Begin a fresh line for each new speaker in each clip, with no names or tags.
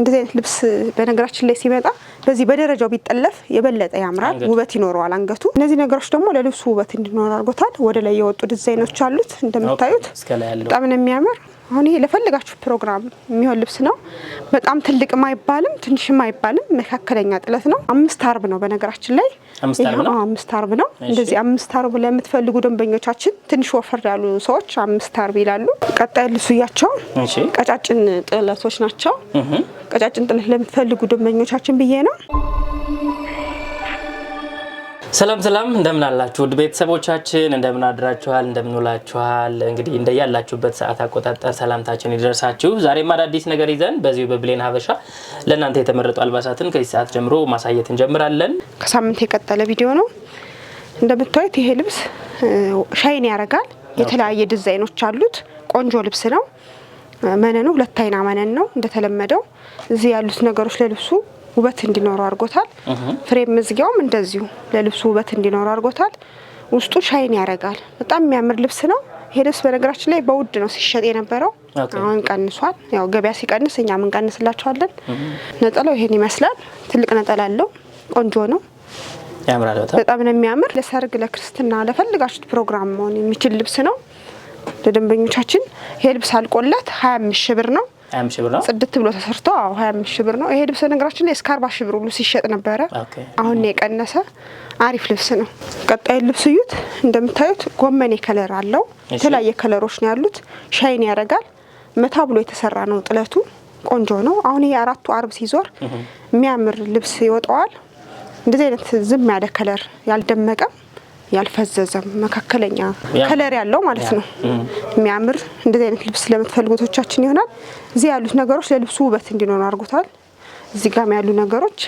እንደዚህ አይነት ልብስ በነገራችን ላይ ሲመጣ በዚህ በደረጃው ቢጠለፍ የበለጠ ያምራል፣ ውበት ይኖረዋል አንገቱ። እነዚህ ነገሮች ደግሞ ለልብሱ ውበት እንዲኖር አድርጎታል። ወደ ላይ የወጡ ዲዛይኖች አሉት እንደምታዩት በጣም ነው የሚያምር። አሁን ይሄ ለፈልጋችሁ ፕሮግራም የሚሆን ልብስ ነው። በጣም ትልቅም አይባልም ትንሽም አይባልም መካከለኛ ጥለት ነው። አምስት አርብ ነው በነገራችን ላይ አምስት አርብ ነው። እንደዚህ አምስት አርብ ለምትፈልጉ ደንበኞቻችን ትንሽ ወፈር ያሉ ሰዎች አምስት አርብ ይላሉ። ቀጣይ እያቸው ቀጫጭን ጥለቶች ናቸው። ቀጫጭን ጥለት ለምትፈልጉ ደንበኞቻችን ብዬ ነው።
ሰላም ሰላም እንደምን አላችሁ ውድ ቤተሰቦቻችን፣ እንደምን አድራችኋል፣ እንደምን ውላችኋል። እንግዲህ እንደያላችሁበት ሰዓት አቆጣጠር ሰላምታችን ይደርሳችሁ። ዛሬም አዳዲስ ነገር ይዘን በዚሁ በብሌን ሀበሻ ለእናንተ የተመረጡ አልባሳትን ከዚህ ሰዓት ጀምሮ ማሳየት እንጀምራለን።
ከሳምንት የቀጠለ ቪዲዮ ነው። እንደምታዩት ይሄ ልብስ ሻይን ያደርጋል። የተለያየ ዲዛይኖች አሉት። ቆንጆ ልብስ ነው። መነኑ ሁለት አይና መነን ነው። እንደተለመደው እዚህ ያሉት ነገሮች ለልብሱ ውበት እንዲኖረው አድርጎታል። ፍሬም መዝጊያውም እንደዚሁ ለልብሱ ውበት እንዲኖረው አድርጎታል። ውስጡ ሻይን ያደርጋል። በጣም የሚያምር ልብስ ነው። ይሄ ልብስ በነገራችን ላይ በውድ ነው ሲሸጥ የነበረው፣ አሁን ቀንሷል። ያው ገበያ ሲቀንስ እኛም እንቀንስላቸዋለን። ነጠላው ይሄን ይመስላል። ትልቅ ነጠላ አለው። ቆንጆ ነው። በጣም ነው የሚያምር። ለሰርግ፣ ለክርስትና፣ ለፈልጋችሁት ፕሮግራም መሆን የሚችል ልብስ ነው። ለደንበኞቻችን ይሄ ልብስ አልቆለት ሀያ አምስት ሺ ብር ነው። ጽድት ብሎ ተሰርቶ አዎ ሀያ ሺህ ብር ነው ይሄ ልብስ። ነገራችን ላይ እስከ አርባ ሺህ ብር ሁሉ ሲሸጥ ነበረ። አሁን የቀነሰ። አሪፍ ልብስ ነው። ቀጣይ ልብስ እዩት። እንደምታዩት ጎመኔ ከለር አለው። የተለያየ ከለሮች ነው ያሉት። ሻይን ያደርጋል። መታ ብሎ የተሰራ ነው። ጥለቱ ቆንጆ ነው። አሁን ይሄ አራቱ አርብ ሲዞር የሚያምር ልብስ ይወጣዋል። እንደዚህ አይነት ዝም ያለ ከለር ያልደመቀም ያልፈዘዘም መካከለኛ ከለር ያለው ማለት ነው። የሚያምር እንደዚህ አይነት ልብስ ለምትፈልጉቶቻችን ይሆናል። እዚህ ያሉት ነገሮች ለልብሱ ውበት እንዲኖር አድርጎታል። እዚህ ጋም ያሉ ነገሮች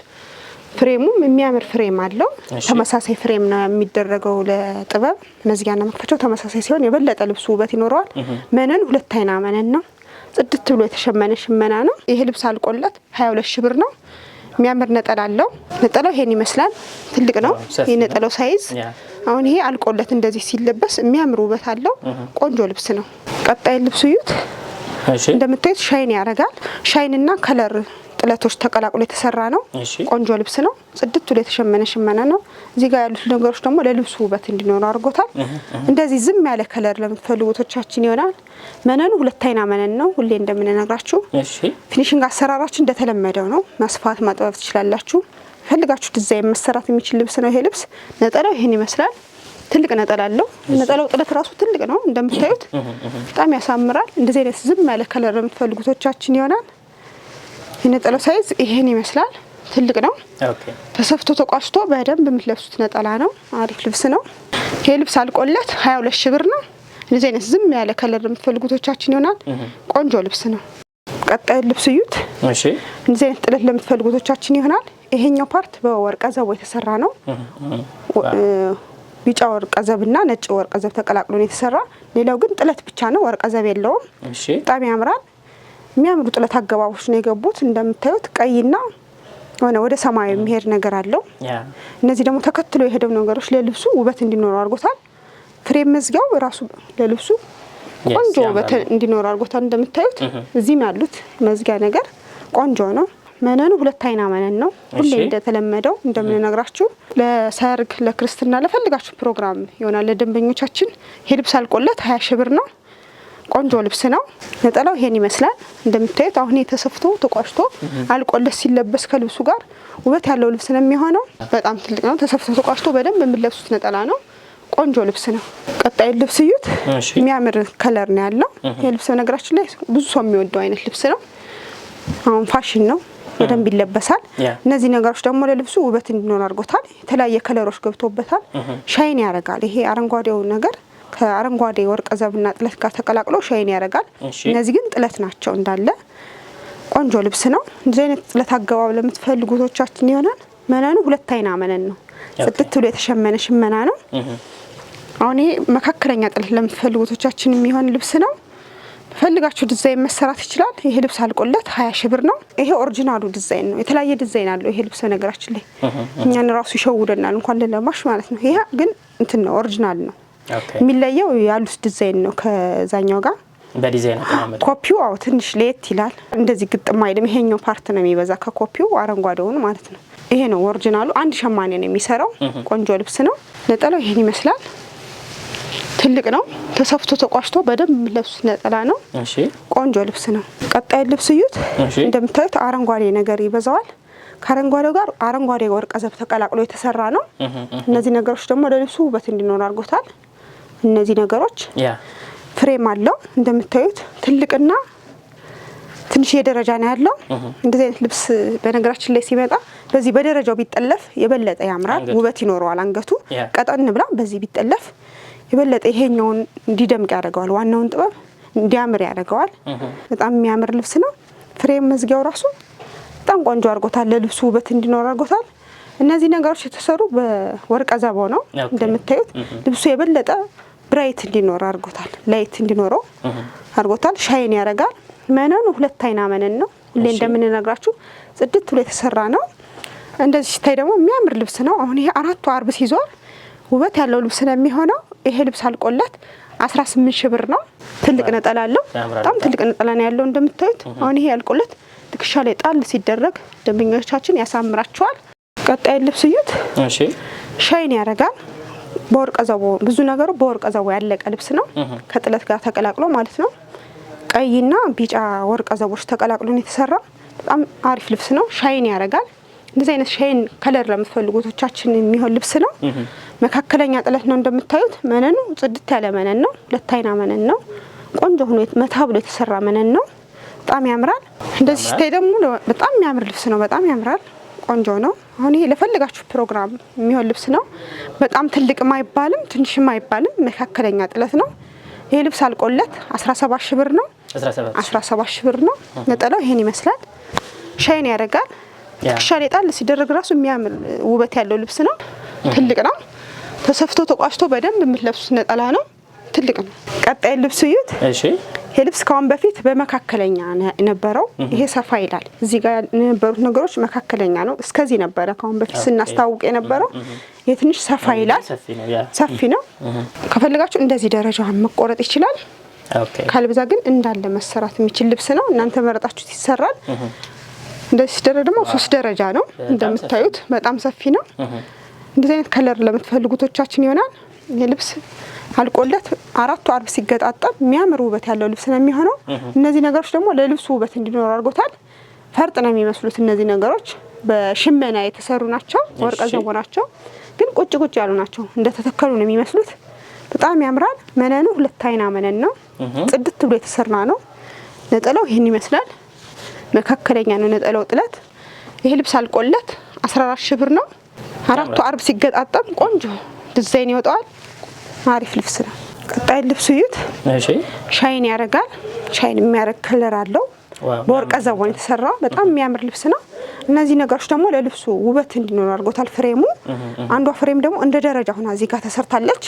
ፍሬሙም የሚያምር ፍሬም አለው። ተመሳሳይ ፍሬም ነው የሚደረገው ለጥበብ። ና መክፈቻው ተመሳሳይ ሲሆን የበለጠ ልብሱ ውበት ይኖረዋል። መነን ሁለት አይና መነን ነው። ጽድት ብሎ የተሸመነ ሽመና ነው። ይሄ ልብስ አልቆለት ሀያ ሁለት ሺ ብር ነው። የሚያምር ነጠላ አለው። ነጠላው ይሄን ይመስላል። ትልቅ ነው። የነጠላው ሳይዝ አሁን ይሄ አልቆለት እንደዚህ ሲለበስ የሚያምር ውበት አለው። ቆንጆ ልብስ ነው። ቀጣይ ልብሱ እዩት። እንደምታዩት ሻይን ያደርጋል። ሻይንና ከለር ጥለቶች ተቀላቅሎ የተሰራ ነው። ቆንጆ ልብስ ነው። ጽድት ብሎ የተሸመነ ሽመና ነው። እዚህ ጋር ያሉት ነገሮች ደግሞ ለልብሱ ውበት እንዲኖሩ አድርጎታል። እንደዚህ ዝም ያለ ከለር ለምትፈልጉቶቻችን ይሆናል። መነኑ ሁለት አይና መነን ነው። ሁሌ እንደምንነግራችሁ ፊኒሽንግ አሰራራችን እንደተለመደው ነው። መስፋት ማጥበብ ትችላላችሁ። በፈልጋችሁ ዲዛይን መሰራት የሚችል ልብስ ነው። ይሄ ልብስ ነጠላው ይሄን ይመስላል። ትልቅ ነጠላ አለው። ነጠላው ጥለት ራሱ ትልቅ ነው እንደምታዩት፣ በጣም ያሳምራል። እንደዚህ አይነት ዝም ያለ ከለር ለምትፈልጉቶቻችን ይሆናል። የነጠላው ሳይዝ ይሄን ይመስላል። ትልቅ ነው። ተሰፍቶ ተቋስቶ በደንብ የምትለብሱት ነጠላ ነው። አሪፍ ልብስ ነው። ይህ ልብስ አልቆለት ሀያ ሁለት ሺ ብር ነው። እንደዚህ አይነት ዝም ያለ ከለር የምትፈልጉቶቻችን ይሆናል። ቆንጆ ልብስ ነው። ቀጣዩ ልብስ እዩት። እንደዚህ አይነት ጥለት ለምትፈልጉቶቻችን ይሆናል። ይሄኛው ፓርት በወርቀ ዘቦ የተሰራ ነው። ቢጫ ወርቀ ዘብና እና ነጭ ወርቀ ዘብ ተቀላቅሎ ነው የተሰራ። ሌላው ግን ጥለት ብቻ ነው፣ ወርቀ ዘብ የለውም። በጣም ያምራል። የሚያምሩ ጥለት አገባቦች ነው የገቡት። እንደምታዩት ቀይና ሆነ ወደ ሰማያዊ የሚሄድ ነገር አለው። እነዚህ ደግሞ ተከትሎ የሄደው ነገሮች ለልብሱ ውበት እንዲኖረው አድርጎታል። ፍሬም መዝጊያው ራሱ ለልብሱ ቆንጆ ውበት እንዲኖረው አድርጎታል። እንደምታዩት እዚህም ያሉት መዝጊያ ነገር ቆንጆ ነው። መነኑ ሁለት አይና መነን ነው። ሁሌ እንደተለመደው እንደምንነግራችሁ ለሰርግ፣ ለክርስትና፣ ለፈልጋችሁ ፕሮግራም ይሆናል። ለደንበኞቻችን ይሄ ልብስ አልቆለት ሀያ ሺ ብር ነው። ቆንጆ ልብስ ነው። ነጠላው ይሄን ይመስላል። እንደምታዩት አሁን የተሰፍቶ ተቋጭቶ አልቆለት ሲለበስ ከልብሱ ጋር ውበት ያለው ልብስ ነው የሚሆነው። በጣም ትልቅ ነው። ተሰፍቶ ተቋጭቶ በደንብ የምትለብሱት ነጠላ ነው። ቆንጆ ልብስ ነው። ቀጣይ ልብስ እዩት። የሚያምር ከለር ነው ያለው። ይህ ልብስ በነገራችን ላይ ብዙ ሰው የሚወደው አይነት ልብስ ነው። አሁን ፋሽን ነው። በደንብ ይለበሳል። እነዚህ ነገሮች ደግሞ ለልብሱ ውበት እንዲኖር አድርጎታል። የተለያየ ከለሮች ገብቶበታል። ሻይን ያደርጋል። ይሄ አረንጓዴው ነገር ከአረንጓዴ ወርቀ ዘብና ጥለት ጋር ተቀላቅሎ ሻይን ያደርጋል። እነዚህ ግን ጥለት ናቸው እንዳለ ቆንጆ ልብስ ነው። እንደዚህ አይነት ጥለት አገባብ ለምትፈልጉ ቶቻችን ይሆናል። መነኑ ሁለት አይና መነን ነው። ጽድት ብሎ የተሸመነ ሽመና ነው። አሁን ይሄ መካከለኛ ጥለት ለምትፈልጉ ቶቻችን የሚሆን ልብስ ነው። ፈልጋችሁ ዲዛይን መሰራት ይችላል። ይሄ ልብስ አልቆለት ሀያ ሺ ብር ነው። ይሄ ኦሪጂናሉ ዲዛይን ነው። የተለያየ ዲዛይን አለው ይሄ ልብስ ነገራችን ላይ እኛን ራሱ ይሸውደናል፣ እንኳን ለለማሽ ማለት ነው። ይሄ ግን እንትን ነው፣ ኦሪጂናል ነው። የሚለየው ያሉት ዲዛይን ነው ከዛኛው ጋር በዲዛይን ኮፒው አው ትንሽ ለየት ይላል። እንደዚህ ግጥም አይልም። ይሄኛው ፓርት ነው የሚበዛ ከኮፒው አረንጓዴውን ማለት ነው። ይሄ ነው ኦሪጂናሉ። አንድ ሸማኔ ነው የሚሰራው። ቆንጆ ልብስ ነው። ነጠላው ይሄን ይመስላል። ትልቅ ነው። ተሰፍቶ ተቋሽቶ በደንብ የምትለብሱት ነጠላ ነው። ቆንጆ ልብስ ነው። ቀጣይ ልብስ እዩት። እንደምታዩት አረንጓዴ ነገር ይበዛዋል። ከአረንጓዴው ጋር አረንጓዴ ወርቀ ዘብ ተቀላቅሎ የተሰራ ነው። እነዚህ ነገሮች ደግሞ ለልብሱ ውበት እንዲኖር አድርጎታል። እነዚህ ነገሮች ፍሬም አለው እንደምታዩት ትልቅና ትንሽ የደረጃ ነው ያለው። እንደዚህ አይነት ልብስ በነገራችን ላይ ሲመጣ በዚህ በደረጃው ቢጠለፍ የበለጠ ያምራል፣ ውበት ይኖረዋል። አንገቱ ቀጠን ብላ በዚህ ቢጠለፍ የበለጠ ይሄኛውን እንዲደምቅ ያደርገዋል። ዋናውን ጥበብ እንዲያምር ያደርገዋል። በጣም የሚያምር ልብስ ነው። ፍሬም መዝጊያው ራሱ በጣም ቆንጆ አድርጎታል። ለልብሱ ውበት እንዲኖር አድርጎታል። እነዚህ ነገሮች የተሰሩ በወርቀ ዘቦ ነው። እንደምታዩት ልብሱ የበለጠ ብራይት እንዲኖር አድርጎታል። ላይት እንዲኖረው አድርጎታል። ሻይን ያደርጋል። መነኑ ሁለት አይና መነን ነው። ሁሌ እንደምንነግራችሁ ጽድት ብሎ የተሰራ ነው። እንደዚህ ሲታይ ደግሞ የሚያምር ልብስ ነው። አሁን ይሄ አራቱ አርብ ሲዞር ውበት ያለው ልብስ ነው የሚሆነው። ይሄ ልብስ አልቆላት 18 ሺህ ብር ነው። ትልቅ ነጠላ አለው። በጣም ትልቅ ነጠላ ነው ያለው እንደምታዩት። አሁን ይሄ ያልቆላት ትከሻ ላይ ጣል ሲደረግ ደንበኞቻችን ያሳምራቸዋል። ቀጣይ ልብስ እዩት። እሺ ሻይን ያደርጋል። በወርቀ ዘቦ ብዙ ነገሩ በወርቀ ዘቦ ያለቀ ልብስ ነው። ከጥለት ጋር ተቀላቅሎ ማለት ነው። ቀይና ቢጫ ወርቀ ዘቦች ተቀላቅሎ ነው የተሰራ። በጣም አሪፍ ልብስ ነው። ሻይን ያደርጋል። እንደዚህ አይነት ሻይን ከለር ለምትፈልጉቶቻችን የሚሆን ልብስ ነው። መካከለኛ ጥለት ነው እንደምታዩት። መነኑ ጽድት ያለ መነን ነው። ሁለት አይና መነን ነው። ቆንጆ ሆኖ መታ ብሎ የተሰራ መነን ነው። በጣም ያምራል። እንደዚህ ሲታይ ደግሞ በጣም የሚያምር ልብስ ነው። በጣም ያምራል። ቆንጆ ነው። አሁን ይሄ ለፈልጋችሁ ፕሮግራም የሚሆን ልብስ ነው። በጣም ትልቅም አይባልም ትንሽም አይባልም መካከለኛ ጥለት ነው። ይሄ ልብስ አልቆለት 17 ሺህ ብር ነው።
17 ሺህ ብር ነው።
ነጠላው ይሄን ይመስላል። ሻይን ያደርጋል። ትከሻ ላይ ጣል ሲደረግ ራሱ የሚያምር ውበት ያለው ልብስ ነው። ትልቅ ነው። ተሰፍቶ ተቋሽቶ በደንብ የምትለብሱት ነጠላ ነው። ትልቅ ነው። ቀጣይ ልብስ እዩት። እሺ ይሄ ልብስ ከአሁን በፊት በመካከለኛ ነበረው። ይሄ ሰፋ ይላል። እዚህ ጋር የነበሩት ነገሮች መካከለኛ ነው። እስከዚህ ነበረ ከአሁን በፊት ስናስታውቅ የነበረው። ይሄ ትንሽ ሰፋ ይላል፣ ሰፊ ነው። ከፈልጋችሁ እንደዚህ ደረጃዋን መቆረጥ ይችላል። ካልብዛ ግን እንዳለ መሰራት የሚችል ልብስ ነው። እናንተ መረጣችሁት ይሰራል። እንደዚህ ሲደረግ ደግሞ ሶስት ደረጃ ነው እንደምታዩት፣ በጣም ሰፊ ነው። እንደዚህ አይነት ከለር ለምትፈልጉቶቻችን ይሆናል። ይህ ልብስ አልቆለት አራቱ አርብ ሲገጣጠም የሚያምር ውበት ያለው ልብስ ነው የሚሆነው። እነዚህ ነገሮች ደግሞ ለልብሱ ውበት እንዲኖር አድርጎታል። ፈርጥ ነው የሚመስሉት እነዚህ ነገሮች በሽመና የተሰሩ ናቸው። ወርቀ ዘቦ ናቸው፣ ግን ቁጭ ቁጭ ያሉ ናቸው። እንደተተከሉ ነው የሚመስሉት። በጣም ያምራል። መነኑ ሁለት አይና መነን ነው። ጽድት ብሎ የተሰራ ነው። ነጠላው ይህን ይመስላል። መካከለኛ ነው ነጠላው ጥለት። ይሄ ልብስ አልቆለት 14 ሺህ ብር ነው። አራቱ አርብ ሲገጣጠም ቆንጆ ዲዛይን ይወጣዋል። አሪፍ ልብስ ነው። ቀጣይ ልብሱ እዩት። ሻይን ያደርጋል። ሻይን የሚያደርግ ክለር አለው። በወርቀ ዘቦን የተሰራ በጣም የሚያምር ልብስ ነው። እነዚህ ነገሮች ደግሞ ለልብሱ ውበት እንዲኖር አድርጎታል። ፍሬሙ አንዷ ፍሬም ደግሞ እንደ ደረጃ ሆና እዚህ ጋር ተሰርታለች።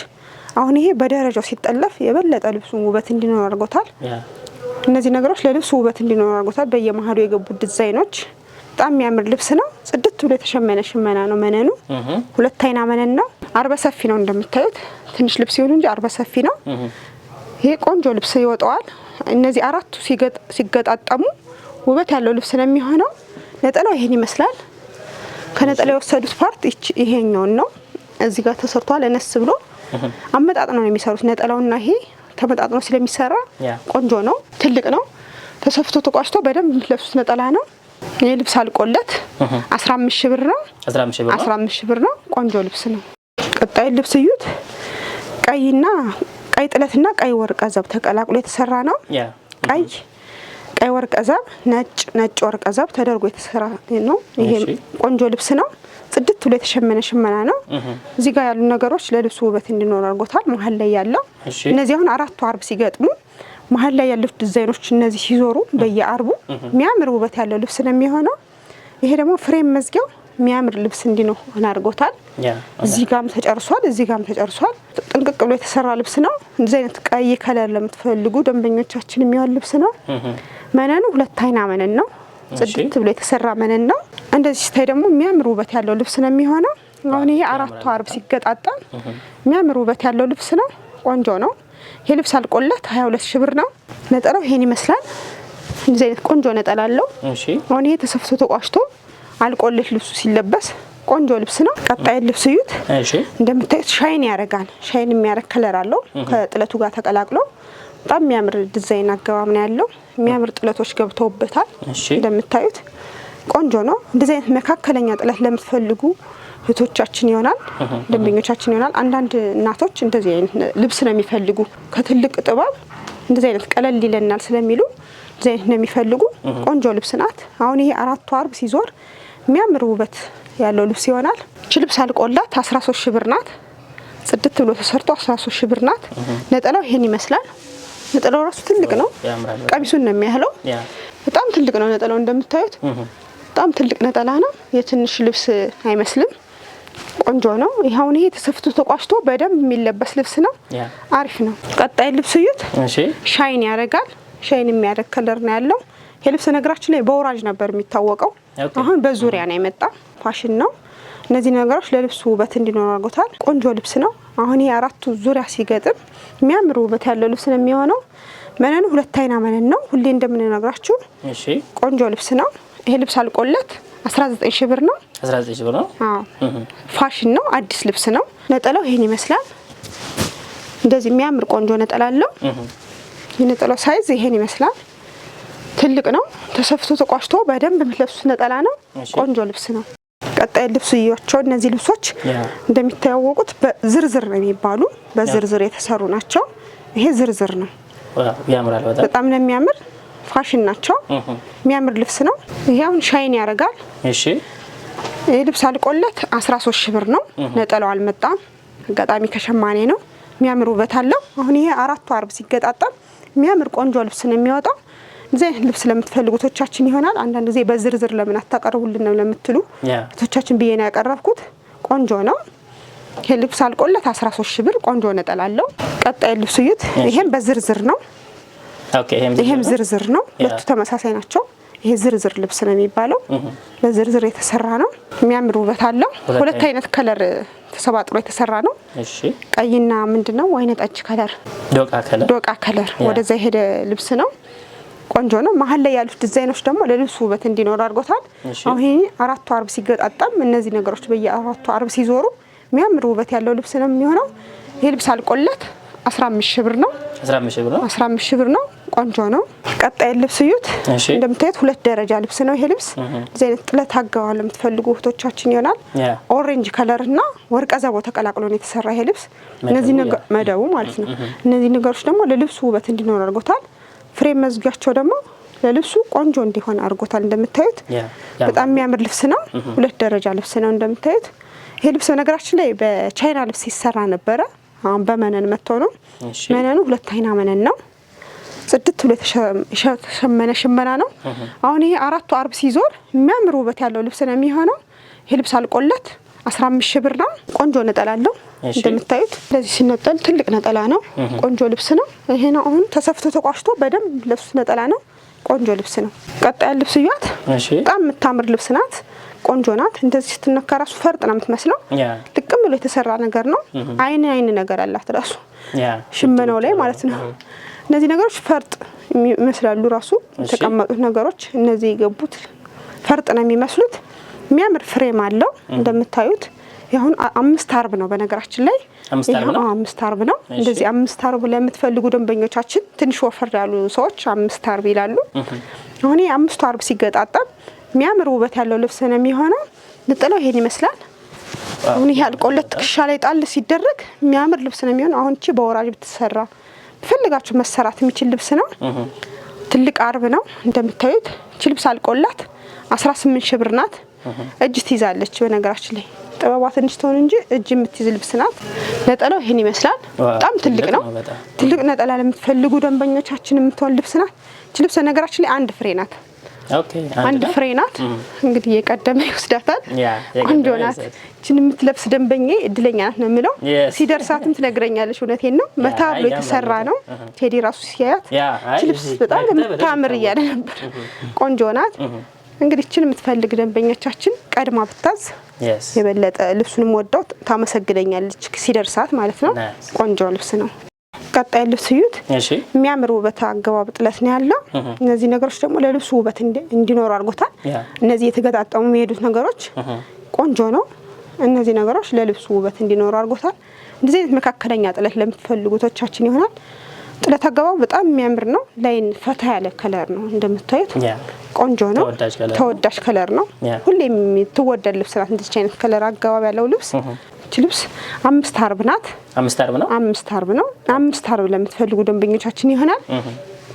አሁን ይሄ በደረጃው ሲጠለፍ የበለጠ ልብሱን ውበት እንዲኖር አድርጎታል። እነዚህ ነገሮች ለልብሱ ውበት እንዲኖር አድርጎታል። በየመሀሉ የገቡት ዲዛይኖች በጣም የሚያምር ልብስ ነው። ጽድት ብሎ የተሸመነ ሽመና ነው። መነኑ ሁለት አይና መነን ነው። አርበ ሰፊ ነው እንደምታዩት፣ ትንሽ ልብስ ይሁን እንጂ አርበ ሰፊ ነው። ይሄ ቆንጆ ልብስ ይወጣዋል። እነዚህ አራቱ ሲገጣጠሙ ውበት ያለው ልብስ ነው የሚሆነው። ነጠላው ይሄን ይመስላል። ከነጠላ የወሰዱት ፓርት ይሄኛውን ነው። እዚህ ጋር ተሰርቷል። እነስ ብሎ
አመጣጥ ነው የሚሰሩት። ነጠላውና ይሄ ተመጣጥኖ ስለሚሰራ ቆንጆ ነው። ትልቅ ነው።
ተሰፍቶ ተቋጭቶ በደንብ የምትለብሱት ነጠላ ነው። ልብስ አልቆለት 15 ሺህ ብር ነው።
15
ሺህ ብር ነው። ቆንጆ ልብስ ነው። ቀጣይ ልብስ እዩት። ቀይና ቀይ ጥለትና ቀይ ወርቅ ዘብ ተቀላቅሎ የተሰራ ነው። ቀይ ቀይ ወርቅ ዘብ፣ ነጭ ነጭ ወርቅ ዘብ ተደርጎ የተሰራ ነው። ይሄ ቆንጆ ልብስ ነው። ጽድት ብሎ የተሸመነ ሽመና ነው። እዚህ ጋር ያሉ ነገሮች ለልብሱ ውበት እንዲኖር አድርጎታል። መሀል ላይ ያለው እነዚህ አሁን አራቱ አርብ ሲገጥሙ መሀል ላይ ያሉት ዲዛይኖች እነዚህ ሲዞሩ በየአርቡ የሚያምር ውበት ያለው ልብስ ነው የሚሆነው። ይሄ ደግሞ ፍሬም መዝጊያው የሚያምር ልብስ እንዲሆን አድርጎታል። እዚህ ጋም ተጨርሷል፣ እዚህ ጋም ተጨርሷል። ጥንቅቅ ብሎ የተሰራ ልብስ ነው። እንደዚህ አይነት ቀይ ከለር ለምትፈልጉ ደንበኞቻችን የሚሆን ልብስ ነው። መነኑ ሁለት አይና መነን ነው። ጽድት ብሎ የተሰራ መነን ነው። እንደዚህ ስታይ ደግሞ የሚያምር ውበት ያለው ልብስ ነው የሚሆነው። አሁን ይሄ አራቱ አርብ ሲገጣጠም የሚያምር ውበት ያለው ልብስ ነው። ቆንጆ ነው። ይሄ ልብስ አልቆላት 22 ሺህ ብር ነው። ነጠላው ይሄን ይመስላል። እንደዚህ አይነት ቆንጆ ነጠላ አለው። አሁን ይሄ ተሰፍቶ ተቋሽቶ አልቆለት ልብሱ ሲለበስ ቆንጆ ልብስ ነው። ቀጣይ ልብስ እዩት። እንደምታዩት ሻይን ያደርጋል። ሻይን የሚያደርግ ከለር አለው ከጥለቱ ጋር ተቀላቅሎ በጣም የሚያምር ዲዛይን አገባብ ነው ያለው። የሚያምር ጥለቶች ገብተውበታል። እንደምታዩት ቆንጆ ነው። እንደዚህ አይነት መካከለኛ ጥለት ለምትፈልጉ እህቶቻችን ይሆናል ደንበኞቻችን ይሆናል። አንዳንድ እናቶች እንደዚህ አይነት ልብስ ነው የሚፈልጉ ከትልቅ ጥበብ እንደዚህ አይነት ቀለል ይለናል ስለሚሉ እንደዚህ አይነት ነው የሚፈልጉ። ቆንጆ ልብስ ናት። አሁን ይሄ አራቱ አርብ ሲዞር የሚያምር ውበት ያለው ልብስ ይሆናል። እች ልብስ አልቆላት አስራ ሶስት ሺ ብር ናት። ጽድት ብሎ ተሰርቶ አስራ ሶስት ሺ ብር ናት። ነጠላው ይሄን ይመስላል። ነጠላው ራሱ ትልቅ ነው። ቀሚሱን ነው የሚያህለው። በጣም ትልቅ ነው ነጠላው እንደምታዩት በጣም ትልቅ ነጠላ ነው። የትንሽ ልብስ አይመስልም። ቆንጆ ነው። ይኸውን ይሄ ተሰፍቶ ተቋሽቶ በደንብ የሚለበስ ልብስ ነው። አሪፍ ነው። ቀጣይ ልብስ እዩት። ሻይን ያደርጋል። ሻይን የሚያደርግ ከለር ነው ያለው። ይሄ ልብስ ነገራችን ላይ በወራጅ ነበር የሚታወቀው። አሁን በዙሪያ ነው የመጣ ፋሽን ነው። እነዚህ ነገሮች ለልብሱ ውበት እንዲኖር አድርጎታል። ቆንጆ ልብስ ነው። አሁን ይሄ አራቱ ዙሪያ ሲገጥም የሚያምር ውበት ያለው ልብስ ነው የሚሆነው። መነኑ ሁለት አይና መነን ነው። ሁሌ እንደምንነግራችሁ ቆንጆ ልብስ ነው። ይሄ ልብስ አልቆለት 19 ሺህ ብር ነው።
19 ሺህ ብር ነው።
አዎ ፋሽን ነው፣ አዲስ ልብስ ነው። ነጠላው ይሄን ይመስላል። እንደዚህ የሚያምር ቆንጆ ነጠላ አለው። የነጠላው ሳይዝ ይሄን ይመስላል። ትልቅ ነው። ተሰፍቶ ተቋሽቶ በደንብ የምትለብሱት ነጠላ ነው። ቆንጆ ልብስ ነው። ቀጣይ ልብስ እያቸው። እነዚህ ልብሶች እንደሚታወቁት በዝርዝር ነው የሚባሉ በዝርዝር የተሰሩ ናቸው። ይሄ ዝርዝር ነው። በጣም ነው የሚያምር ፋሽን ናቸው። የሚያምር ልብስ ነው። ይሄ አሁን ሻይን ያደርጋል። እሺ ይህ ልብስ አልቆለት 13 ሺህ ብር ነው። ነጠላው አልመጣም። አጋጣሚ ከሸማኔ ነው። የሚያምር ውበት አለው። አሁን ይሄ አራቱ አርብ ሲገጣጠም የሚያምር ቆንጆ ልብስ ነው የሚወጣው። እዚህ ልብስ ለምትፈልጉ ቶቻችን ይሆናል። አንዳንድ ጊዜ በዝርዝር ለምን ነው ለምትሉ ቶቻችን ብዬ ነው ያቀረብኩት። ቆንጆ ነው። ይሄ ልብስ አልቆለት 13 ሺህ ብር ቆንጆ ነጠላ አለው። ቀጣይ ልብስ እዩት። ይሄም በዝርዝር ነው። ይሄም ዝርዝር ነው። ሁለቱ ተመሳሳይ ናቸው። ይሄ ዝርዝር ልብስ ነው የሚባለው። በዝርዝር የተሰራ ነው። የሚያምር ውበት አለው። ሁለት አይነት ከለር ተሰባጥሮ የተሰራ ነው። ቀይና ምንድን ነው ወይነ ጠጅ ከለር፣ ዶቃ ከለር ወደዛ የሄደ ልብስ ነው። ቆንጆ ነው። መሀል ላይ ያሉት ዲዛይኖች ደግሞ ለልብሱ ውበት እንዲኖር አድርጎታል። አሁን ይሄ አራቱ አርብ ሲገጣጣም እነዚህ ነገሮች በየአራቱ አርብ ሲዞሩ የሚያምር ውበት ያለው ልብስ ነው የሚሆነው። ይሄ ልብስ አልቆለት 15 ሺህ ብር ነው።
15
ሺህ ብር ነው። ቆንጆ ነው። ቀጣይ ልብስ እዩት። እንደምታዩት ሁለት ደረጃ ልብስ ነው ይሄ ልብስ። እዚህ አይነት ጥለት አገባዋል የምትፈልጉ እህቶቻችን ይሆናል። ኦሬንጅ ከለር እና ወርቀ ዘቦ ተቀላቅሎ ነው የተሰራ ይሄ ልብስ። እነዚህ መደቡ ማለት ነው። እነዚህ ነገሮች ደግሞ ለልብሱ ውበት እንዲኖር አድርጎታል። ፍሬም መዝጊያቸው ደግሞ ለልብሱ ቆንጆ እንዲሆን አድርጎታል። እንደምታዩት በጣም የሚያምር ልብስ ነው። ሁለት ደረጃ ልብስ ነው እንደምታዩት። ይሄ ልብስ በነገራችን ላይ በቻይና ልብስ ይሰራ ነበረ። አሁን በመነን መጥቶ ነው። መነኑ ሁለት አይና መነን ነው። ጽድት ብሎ የተሸመነ ሽመና ነው። አሁን ይሄ አራቱ አርብ ሲዞር የሚያምር ውበት ያለው ልብስ ነው የሚሆነው። ይሄ ልብስ አልቆለት አስራ አምስት ሺህ ብር ነው። ቆንጆ ነጠላ አለው እንደምታዩት እንደዚህ ሲነጠል ትልቅ ነጠላ ነው። ቆንጆ ልብስ ነው ይሄን አሁን ተሰፍቶ ተቋሽቶ በደንብ ልብስ ነጠላ ነው። ቆንጆ ልብስ ነው። ቀጣያ ልብስ እያት፣ በጣም የምታምር ልብስ ናት። ቆንጆ ናት። እንደዚህ ስትነካ ራሱ ፈርጥ ነው የምትመስለው። ልቅም ብሎ የተሰራ ነገር ነው። አይን አይን ነገር አላት ራሱ ሽመናው ላይ ማለት ነው። እነዚህ ነገሮች ፈርጥ ይመስላሉ። ራሱ የተቀመጡት ነገሮች እነዚህ የገቡት ፈርጥ ነው የሚመስሉት። የሚያምር ፍሬም አለው እንደምታዩት። አሁን አምስት አርብ ነው በነገራችን ላይ አምስት አርብ ነው። እንደዚህ አምስት አርብ ለምትፈልጉ ደንበኞቻችን ትንሽ ወፈር ያሉ ሰዎች አምስት አርብ ይላሉ። አሁን አምስቱ አርብ ሲገጣጠም የሚያምር ውበት ያለው ልብስ ነው የሚሆነው። ንጥለው ይሄን ይመስላል። አሁን ይሄ አልቆለት ትከሻ ላይ ጣል ሲደረግ የሚያምር ልብስ ነው የሚሆነው። አሁን እቺ በወራጅ ብትሰራ ፈልጋችሁ መሰራት የሚችል ልብስ ነው። ትልቅ አርብ ነው እንደምታዩት። እቺ ልብስ አልቆላት 18 ሺህ ብር ናት።
እጅ ትይዛለች። በነገራችን ላይ
ጥበቧ ትንሽ ትሆን እንጂ እጅ የምትይዝ ልብስ ናት። ነጠላው ይሄን ይመስላል። በጣም ትልቅ ነው። ትልቅ ነጠላ ለምትፈልጉ ደንበኞቻችን የምትሆን ልብስ ናት። እቺ ልብስ በነገራችን ላይ አንድ ፍሬ ናት። አንድ ፍሬ ናት እንግዲህ የቀደመ ይወስዳታል። ቆንጆ ናት። ችን የምትለብስ ደንበኛ እድለኛ ናት ነው የምለው። ሲደርሳትም ትነግረኛለች። እውነቴን ነው። መታ ብሎ የተሰራ ነው። ቴዲ ራሱ ሲያያት ይች ልብስ በጣም የምታምር እያለ ነበር። ቆንጆ ናት። እንግዲህ ችን የምትፈልግ ደንበኞቻችን ቀድማ ብታዝ የበለጠ ልብሱንም ወዳው ታመሰግደኛለች፣ ሲደርሳት ማለት ነው። ቆንጆ ልብስ ነው። ቀጣይ ልብስ እዩት። የሚያምር ውበት አገባብ ጥለት ነው ያለው። እነዚህ ነገሮች ደግሞ ለልብሱ ውበት እንዲኖሩ አድርጎታል። እነዚህ የተገጣጠሙ የሚሄዱት ነገሮች ቆንጆ ነው። እነዚህ ነገሮች ለልብሱ ውበት እንዲኖሩ አድርጎታል። እንደዚህ አይነት መካከለኛ ጥለት ለምትፈልጉቶቻችን ይሆናል። ጥለት አገባቡ በጣም የሚያምር ነው። ላይን ፈታ ያለ ከለር ነው እንደምታዩት፣ ቆንጆ ነው። ተወዳጅ ከለር ነው። ሁሌም የምትወደድ ልብስ ናት። እንደዚች አይነት ከለር አገባብ ያለው ልብስ እች ልብስ አምስት አርብ ናት። አምስት አርብ ነው። አምስት አርብ ነው። አምስት አርብ ለምትፈልጉ ደንበኞቻችን ይሆናል።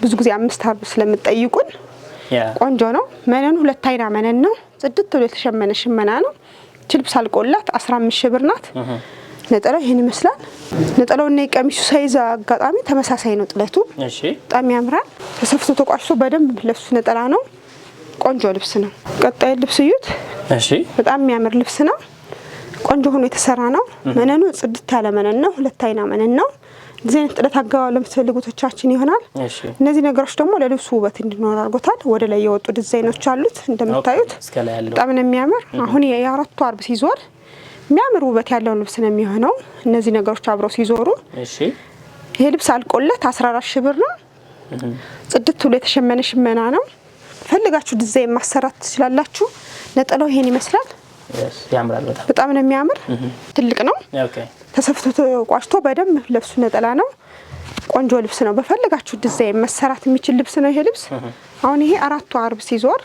ብዙ ጊዜ አምስት አርብ ስለምጠይቁን ቆንጆ ነው። መነኑ ሁለት አይና መነን ነው። ጽድት ብሎ የተሸመነ ሽመና ነው። እች ልብስ አልቆላት 15 ሺህ ብር ናት። ነጠላው ይህን ይመስላል። ነጠላውና የቀሚሱ ሳይዝ አጋጣሚ ተመሳሳይ ነው። ጥለቱ በጣም ያምራል። ተሰፍቶ ተቋጭቶ በደንብ ለብሱ ነጠላ ነው። ቆንጆ ልብስ ነው። ቀጣይ ልብስ እዩት። በጣም የሚያምር ልብስ ነው። ቆንጆ ሆኖ የተሰራ ነው። መነኑ ጽድት ያለ መነን ነው። ሁለት አይና መነን ነው። እንደዚህ አይነት ጥለት አገባብ ለምትፈልጉቶቻችን ይሆናል። እነዚህ ነገሮች ደግሞ ለልብሱ ውበት እንዲኖር አድርጎታል። ወደ ላይ የወጡ ዲዛይኖች አሉት እንደምታዩት በጣም ነው የሚያምር። አሁን የአራቱ አርብ ሲዞር የሚያምር ውበት ያለውን ልብስ ነው የሚሆነው። እነዚህ ነገሮች አብረው ሲዞሩ ይሄ ልብስ አልቆለት አስራ አራት ሺ ብር ነው። ጽድት ብሎ የተሸመነ ሽመና ነው። ፈልጋችሁ ዲዛይን ማሰራት ትችላላችሁ። ነጠላው ይሄን ይመስላል። ያምራል። በጣም በጣም ነው የሚያምር። ትልቅ ነው፣ ተሰፍቶ ተቋጭቶ በደንብ ልብሱ ነጠላ ነው። ቆንጆ ልብስ ነው። በፈልጋችሁ ዲዛይን መሰራት የሚችል ልብስ ነው ይሄ ልብስ። አሁን ይሄ አራቱ አርብ ሲዞር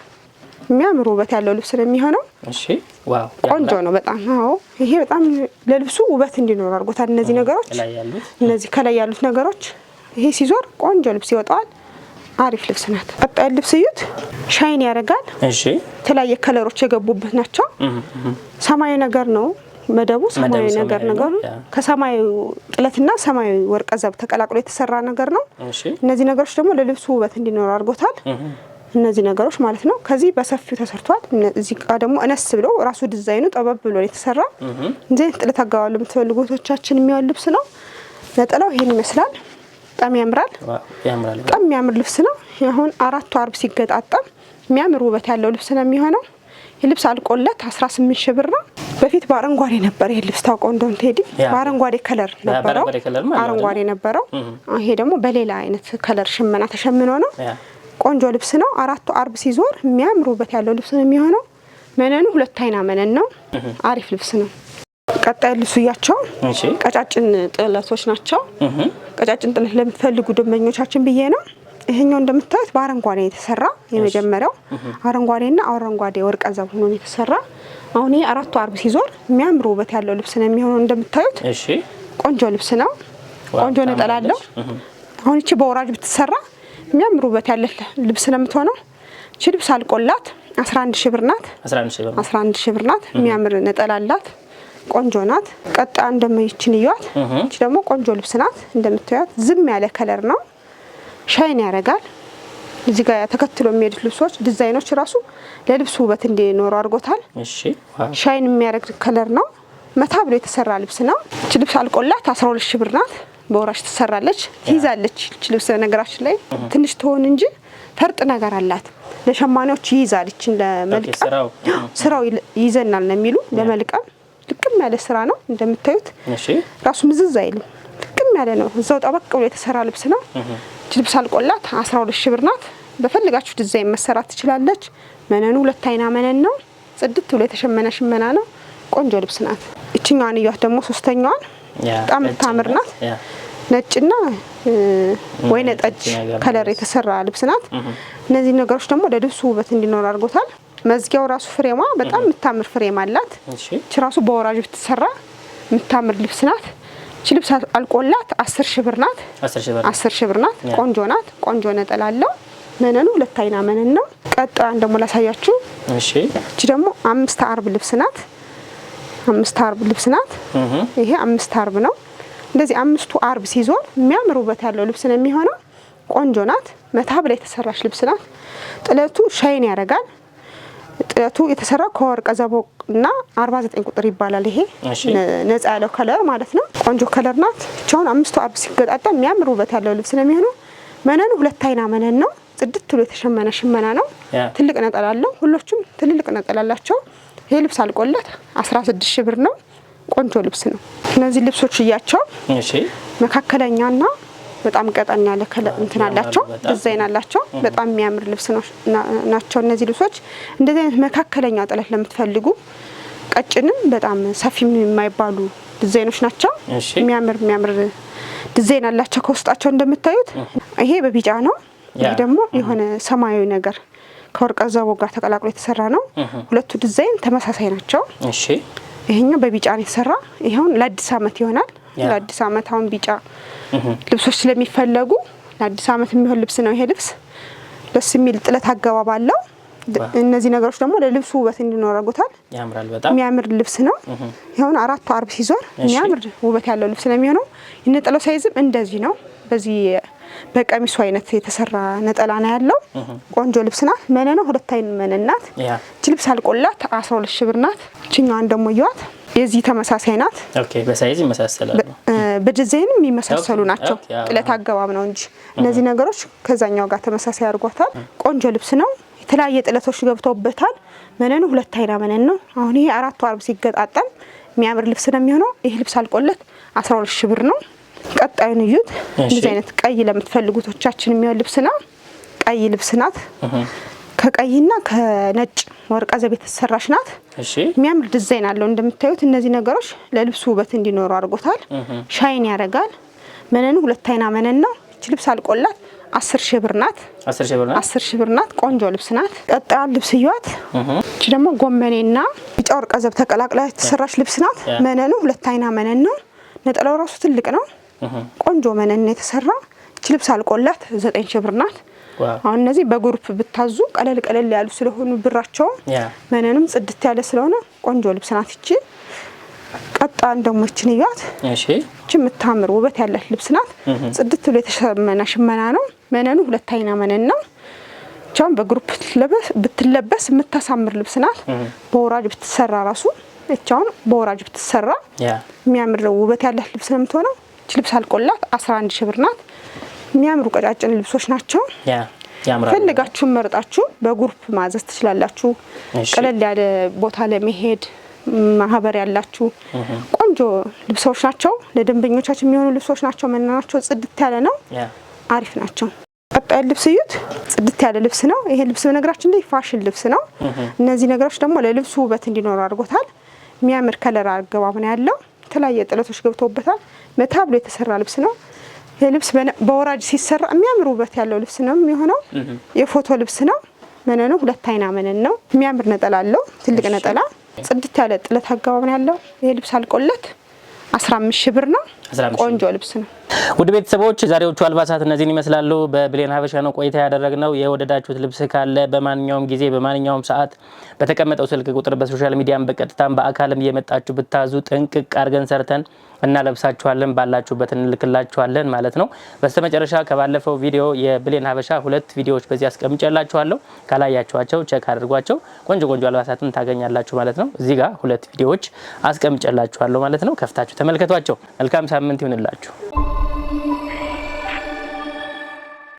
የሚያምር ውበት ያለው ልብስ ነው የሚሆነው። ቆንጆ ነው በጣም አዎ። ይሄ በጣም ለልብሱ ውበት እንዲኖር አድርጎታል። እነዚህ ነገሮች እነዚህ ከላይ ያሉት ነገሮች ይሄ ሲዞር ቆንጆ ልብስ ይወጣዋል። አሪፍ ልብስ ናት። ቀጣይ ልብስ እዩት። ሻይን ያደርጋል። እሺ፣ የተለያየ ከለሮች የገቡበት ናቸው። ሰማያዊ ነገር ነው መደቡ፣ ሰማያዊ ነገር ነገሩ ከሰማያዊ ጥለትና ሰማያዊ ወርቀ ዘብ ተቀላቅሎ የተሰራ ነገር ነው። እነዚህ ነገሮች ደግሞ ለልብሱ ውበት እንዲኖር አድርጎታል። እነዚህ ነገሮች ማለት ነው። ከዚህ በሰፊው ተሰርቷል። እዚህ ጋ ደግሞ እነስ ብሎ ራሱ ዲዛይኑ ጠበብ ብሎ የተሰራ እንደዚህ ጥለት አገባብ የምትፈልጉቶቻችን የሚሆን ልብስ ነው። ነጠላው ይሄን ይመስላል። በጣም ያምራል። በጣም የሚያምር ልብስ ነው። አሁን አራቱ አርብ ሲገጣጠም የሚያምር ውበት ያለው ልብስ ነው የሚሆነው። ልብስ አልቆለት 18 ሺህ ብር ነው። በፊት በአረንጓዴ ነበር ይህ ልብስ ታውቀው እንደሆነ ቴዲ፣ በአረንጓዴ ከለር ነበረው፣ አረንጓዴ ነበረው። ይሄ ደግሞ በሌላ አይነት ከለር ሽመና ተሸምኖ ነው። ቆንጆ ልብስ ነው። አራቱ አርብ ሲዞር የሚያምር ውበት ያለው ልብስ ነው የሚሆነው። መነኑ ሁለት አይና መነን ነው። አሪፍ ልብስ ነው። ቀጣይ ልሱያቸው ቀጫጭን ጥለቶች ናቸው። ቀጫጭን ጥለት ለምትፈልጉ ደንበኞቻችን ብዬ ነው። ይሄኛው እንደምታዩት በአረንጓዴ የተሰራ የመጀመሪያው አረንጓዴና አረንጓዴ ወርቀ ዘብ ሆኖ የተሰራ አሁን ይሄ አራቱ አርብ ሲዞር የሚያምር ውበት ያለው ልብስ ነው የሚሆነው። እንደምታዩት ቆንጆ ልብስ ነው። ቆንጆ ነጠላ አለው። አሁን ይቺ በወራጅ ብትሰራ የሚያምር ውበት ያለ ልብስ ነው የምትሆነው። እቺ ልብስ አልቆላት 11 ሺህ ብር ናት።
11
ሺህ ብር ናት። የሚያምር ነጠላ አላት። ቆንጆ ናት። ቀጣ እንደምይችን እያዋል። እቺ ደግሞ ቆንጆ ልብስ ናት። እንደምታዩት ዝም ያለ ከለር ነው፣ ሻይን ያደርጋል። እዚህ ጋር ተከትሎ የሚሄዱት ልብሶች ዲዛይኖች ራሱ ለልብሱ ውበት እንዲኖረው አድርጎታል። ሻይን የሚያደርግ ከለር ነው። መታ ብሎ የተሰራ ልብስ ነው። እቺ ልብስ አልቆላት 12 ሺህ ብር ናት። በወራሽ ትሰራለች፣ ትይዛለች። እቺ ልብስ ነገራችን ላይ ትንሽ ትሆን እንጂ ፈርጥ ነገር አላት። ለሸማኔዎች ይይዛል። እቺን
ለመልቀም
ስራው ይዘናል ነው የሚሉ ለመልቀም ልቅም ያለ ስራ ነው እንደምታዩት። ራሱ ምዝዝ አይልም፣ ልቅም ያለ ነው። እዛው ጠበቅ ብሎ የተሰራ ልብስ ነው። ልብስ አልቆላት አስራ ሁለት ሺ ብር ናት። በፈልጋችሁ ዲዛይን መሰራት ትችላለች። መነኑ ሁለት አይና መነን ነው። ጽድት ብሎ የተሸመነ ሽመና ነው። ቆንጆ ልብስ ናት። እችኛዋን እያት ደግሞ ሶስተኛዋን በጣም ታምር ናት። ነጭና ወይነ ጠጅ ከለር የተሰራ ልብስ ናት። እነዚህ ነገሮች ደግሞ ለልብሱ ውበት እንዲኖር አድርጎታል። መዝጊያው ራሱ ፍሬማ በጣም የምታምር ፍሬም አላት። እቺ ራሱ በወራጅ ብትሰራ የምታምር ልብስ ናት። እቺ ልብስ አልቆላት አስር ሺህ ብር ናት። አስር ሺህ ብር ናት። ቆንጆ ናት። ቆንጆ ነጠላ አለው። መነኑ ሁለት አይና መነን ነው። ቀጣን ደግሞ ላሳያችሁ። እሺ እቺ ደግሞ አምስት አርብ ልብስ ናት። አምስት አርብ ልብስ ናት። ይሄ አምስት አርብ ነው። እንደዚህ አምስቱ አርብ ሲዞን የሚያምር ውበት ያለው ልብስ ነው የሚሆነው። ቆንጆ ናት። መታ ብላ የተሰራች ልብስ ናት። ጥለቱ ሻይን ያደርጋል። ጥለቱ የተሰራው ከወርቀ ዘቦ እና 49 ቁጥር ይባላል። ይሄ
ነጻ ያለው ከለር ማለት ነው። ቆንጆ ከለር ናት። ብቻውን አምስቱ አርብ ሲገጣጠም የሚያምር ውበት ያለው ልብስ ነው የሚሆነው። መነኑ ሁለት አይና መነን ነው። ጽድት ብሎ የተሸመነ ሽመና ነው። ትልቅ ነጠላ አለው። ሁሎቹም ትልልቅ ነጠላ አላቸው። ይሄ ልብስ አልቆለት 16 ሺህ ብር ነው። ቆንጆ ልብስ ነው። እነዚህ ልብሶች እያቸው መካከለኛና በጣም ቀጠን ያለ እንትን አላቸው፣ ዲዛይን አላቸው። በጣም የሚያምር ልብስ ናቸው እነዚህ ልብሶች። እንደዚህ አይነት መካከለኛ ጥለት ለምትፈልጉ ቀጭንም በጣም ሰፊም የማይባሉ ዲዛይኖች ናቸው። የሚያምር የሚያምር ዲዛይን አላቸው። ከውስጣቸው እንደምታዩት ይሄ በቢጫ ነው። ይህ ደግሞ የሆነ ሰማያዊ ነገር ከወርቀ ዘቦ ጋር ተቀላቅሎ የተሰራ ነው። ሁለቱ ዲዛይን ተመሳሳይ ናቸው። ይሄኛው በቢጫ ነው የተሰራ። ይኸውን ለአዲስ አመት ይሆናል። ለአዲስ አመት አሁን ቢጫ ልብሶች ስለሚፈለጉ ለአዲስ ዓመት የሚሆን ልብስ ነው ይሄ ልብስ። ደስ የሚል ጥለት አገባብ አለው። እነዚህ ነገሮች ደግሞ ለልብሱ ውበት እንዲኖረጉታል። የሚያምር ልብስ ነው። ይሁን አራቱ አርብ ሲዞር የሚያምር ውበት ያለው ልብስ ነው የሚሆነው። የነጠላው ሳይዝም እንደዚህ ነው። በዚህ በቀሚሱ አይነት የተሰራ ነጠላ ነው ያለው። ቆንጆ ልብስ ናት። ነው። ሁለት አይን መነናት። እች ልብስ አልቆላት አስራ ሁለት ሺ ብር ናት። እችኛዋን ደግሞ እየዋት የዚህ ተመሳሳይ ናት። በሳይዝ ይመሳሰላሉ፣ በዲዛይንም የሚመሳሰሉ ናቸው። ጥለት አገባብ ነው እንጂ እነዚህ ነገሮች ከዛኛው ጋር ተመሳሳይ አድርጓታል። ቆንጆ ልብስ ነው። የተለያየ ጥለቶች ገብተውበታል። መነኑ ሁለት አይና መነን ነው። አሁን ይሄ አራቱ አርብ ሲገጣጠም የሚያምር ልብስ ነው የሚሆነው። ይህ ልብስ አልቆለት አስራ ሁለት ሺ ብር ነው። ቀጣዩን እዩት። እንደዚህ አይነት ቀይ ለምትፈልጉቶቻችን የሚሆን ልብስ ነው። ቀይ ልብስ ናት። ከቀይና ከነጭ ወርቀ ዘብ የተሰራች ናት። የሚያምር ዲዛይን አለው። እንደምታዩት እነዚህ ነገሮች ለልብሱ ውበት እንዲኖሩ አድርጎታል። ሻይን ያደርጋል። መነኑ ሁለት አይና መነን ነው። ይች ልብስ አልቆላት አስር ሺህ ብር ናት። አስር ሺህ ብር ናት። ቆንጆ ልብስ ናት። ቀጣዩን ልብስ እያት። እች ደግሞ ጎመኔና ቢጫ ወርቀ ዘብ ተቀላቅላ የተሰራች ልብስ ናት። መነኑ ሁለት አይና መነን ነው። ነጠላው ራሱ ትልቅ ነው። ቆንጆ መነን ነው የተሰራ። ይች ልብስ አልቆላት ዘጠኝ ሺህ ብር ናት። አሁን እነዚህ በግሩፕ ብታዙ ቀለል ቀለል ያሉ ስለሆኑ ብራቸው መነንም ጽድት ያለ ስለሆነ ቆንጆ ልብስ ናት ይቺ። ቀጣን ደግሞ ይችን እያት። ይቺ የምታምር ውበት ያላት ልብስ ናት። ጽድት ብሎ የተሸመነ ሽመና ነው። መነኑ ሁለት አይና መነን ነው። ብቻውን በግሩፕ ብትለበስ የምታሳምር ልብስ ናት። በወራጅ ብትሰራ ራሱ እቻውን በወራጅ ብትሰራ የሚያምር ውበት ያላት ልብስ ነው የምትሆነው። ልብስ አልቆላት 11 ሺህ ብር ናት። የሚያምሩ ቀጫጭን ልብሶች ናቸው። ፈልጋችሁን መርጣችሁ በጉርፕ ማዘዝ ትችላላችሁ። ቀለል ያለ ቦታ ለመሄድ ማህበር ያላችሁ ቆንጆ ልብሶች ናቸው። ለደንበኞቻችን የሚሆኑ ልብሶች ናቸው። መናናቸው ጽድት ያለ ነው። አሪፍ ናቸው። ቀጣዩ ልብስ እዩት። ጽድት ያለ ልብስ ነው። ይሄ ልብስ በነገራችን ላይ ፋሽን ልብስ ነው። እነዚህ ነገሮች ደግሞ ለልብሱ ውበት እንዲኖር አድርጎታል። የሚያምር ከለር አገባብ ነው ያለው። የተለያየ ጥለቶች ገብተውበታል። መታ ብሎ የተሰራ ልብስ ነው። ይህ ልብስ በወራጅ ሲሰራ የሚያምር ውበት ያለው ልብስ ነው የሚሆነው። የፎቶ ልብስ ነው። መነኑ ሁለት አይና መነን ነው። የሚያምር ነጠላ አለው። ትልቅ ነጠላ፣ ጽድት ያለ ጥለት አገባብ ነው ያለው። ይህ ልብስ አልቆለት አስራ አምስት ሺህ ብር ነው። ቆንጆ ልብስ ነው። ውድ ቤተሰቦች ዛሬዎቹ አልባሳት እነዚህን ይመስላሉ። በብሌን ሀበሻ ነው ቆይታ ያደረግነው። የወደዳችሁት ልብስ ካለ በማንኛውም ጊዜ በማንኛውም ሰዓት በተቀመጠው ስልክ ቁጥር በሶሻል ሚዲያም በቀጥታም በአካልም እየመጣችሁ ብታዙ ጥንቅቅ አድርገን ሰርተን እናለብሳችኋለን። ባላችሁበት እንልክላችኋለን ማለት ነው። በስተመጨረሻ ከባለፈው ቪዲዮ የብሌን ሀበሻ ሁለት ቪዲዮዎች በዚህ አስቀምጨላችኋለሁ። ካላያችኋቸው ቸክ አድርጓቸው። ቆንጆ ቆንጆ አልባሳትን ታገኛላችሁ ማለት ነው። እዚህ ጋር ሁለት ቪዲዮዎች አስቀምጨላችኋለሁ ማለት ነው። ከፍታችሁ ተመልከቷቸው። መልካም ሳምንት ይሆንላችሁ።